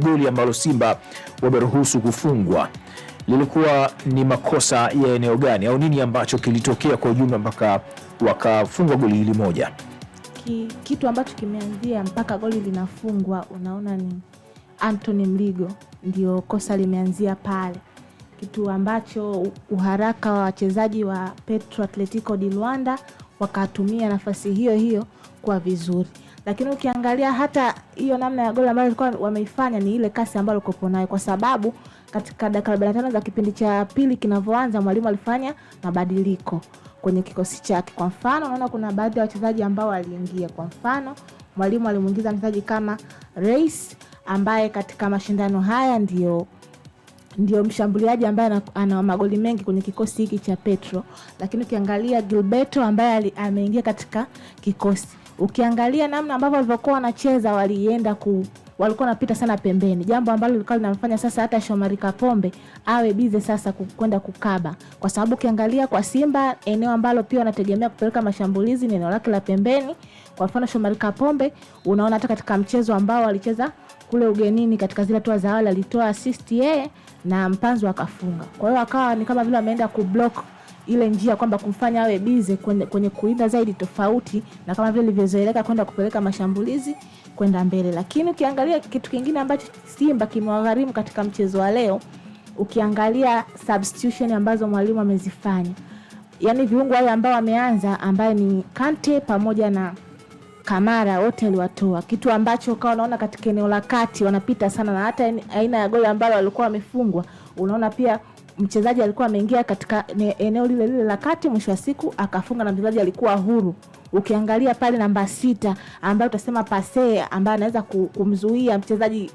Goli ambalo Simba wameruhusu kufungwa lilikuwa ni makosa ya eneo gani au nini ambacho kilitokea kwa ujumla mpaka wakafungwa goli hili moja? Kitu ambacho kimeanzia mpaka goli linafungwa, unaona ni Anthony Mligo, ndio kosa limeanzia pale, kitu ambacho uharaka wa wachezaji wa Petro Atletico di Luanda wakatumia nafasi hiyo hiyo kwa vizuri lakini ukiangalia hata hiyo namna ya goli ambayo walikuwa wameifanya ni ile kasi ambayo alikopo nayo, kwa sababu katika dakika 45 za kipindi cha pili kinavyoanza, mwalimu alifanya mabadiliko kwenye kikosi chake. Kwa mfano, unaona kuna baadhi ya wachezaji ambao waliingia, kwa mfano mwalimu alimuingiza mchezaji kama Reis ambaye katika mashindano haya ndiyo ndio mshambuliaji ambaye ana magoli mengi kwenye kikosi hiki cha Petro, lakini ukiangalia Gilberto ambaye ameingia katika kikosi ukiangalia namna ambavyo walivyokuwa wanacheza walienda ku walikuwa wanapita sana pembeni, jambo ambalo lilikuwa linamfanya sasa hata Shomari Kapombe awe bize sasa kwenda kukaba, kwa sababu ukiangalia kwa Simba eneo ambalo pia wanategemea kupeleka mashambulizi ni eneo lake la pembeni. Kwa mfano Shomari Kapombe, unaona hata katika mchezo ambao alicheza kule ugenini, katika zile hatua za awali alitoa assist yeye na mpanzo akafunga. Kwa hiyo akawa ni kama vile ameenda kublock ile njia kwamba kumfanya awe bize kwenye, kwenye kulinda zaidi, tofauti na kama vile ilivyozoeleka kwenda kupeleka mashambulizi kwenda mbele. Lakini ukiangalia kitu kingine ambacho Simba kimewagharimu katika mchezo wa leo, ukiangalia substitution ambazo mwalimu amezifanya, yani viungo wale ambao ameanza ambaye ni Kante pamoja na Kamara wote aliwatoa, kitu ambacho ukawa unaona katika eneo la kati wanapita sana, na hata aina ya goli ambalo walikuwa wamefungwa unaona pia mchezaji alikuwa ameingia katika eneo lile lile la kati, mwisho wa siku akafunga, na mchezaji alikuwa huru. Ukiangalia pale namba sita ambayo utasema pase, ambaye anaweza kumzuia mchezaji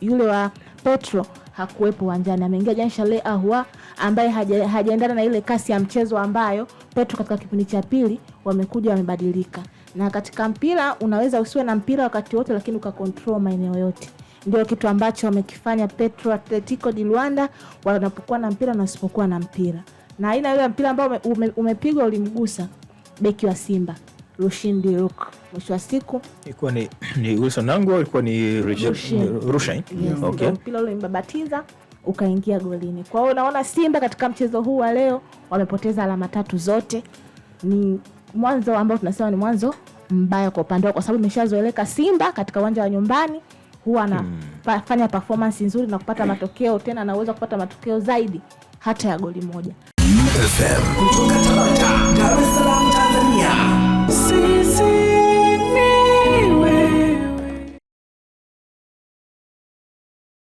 yule wa Petro hakuwepo uwanjani, ameingia Janshale Ahua ambaye hajaendana haja na ile kasi ya mchezo ambayo Petro katika kipindi cha pili wamekuja wamebadilika. Na katika mpira unaweza usiwe na mpira wakati wote, lakini ukakontrol maeneo yote ndio kitu ambacho wamekifanya Petro Atletico di Luanda wanapokuwa na mpira na wasipokuwa na mpira, na aina ile mpira ambao ume, ume, umepigwa ulimgusa beki wa Simba Rushin Diruk. Mwisho wa siku ilikuwa ni, ni Wilson Nangu au ilikuwa ni Rushin? Yes, okay. Mpira ule imbabatiza ukaingia golini. Kwa hiyo unaona Simba katika mchezo huu wa leo wamepoteza alama tatu zote, ni mwanzo ambao tunasema ni mwanzo mbaya kwa upande wao, kwa sababu imeshazoeleka Simba katika uwanja wa nyumbani huwa anafanya hmm, performance nzuri na kupata matokeo tena, anaweza kupata matokeo zaidi hata ya goli moja.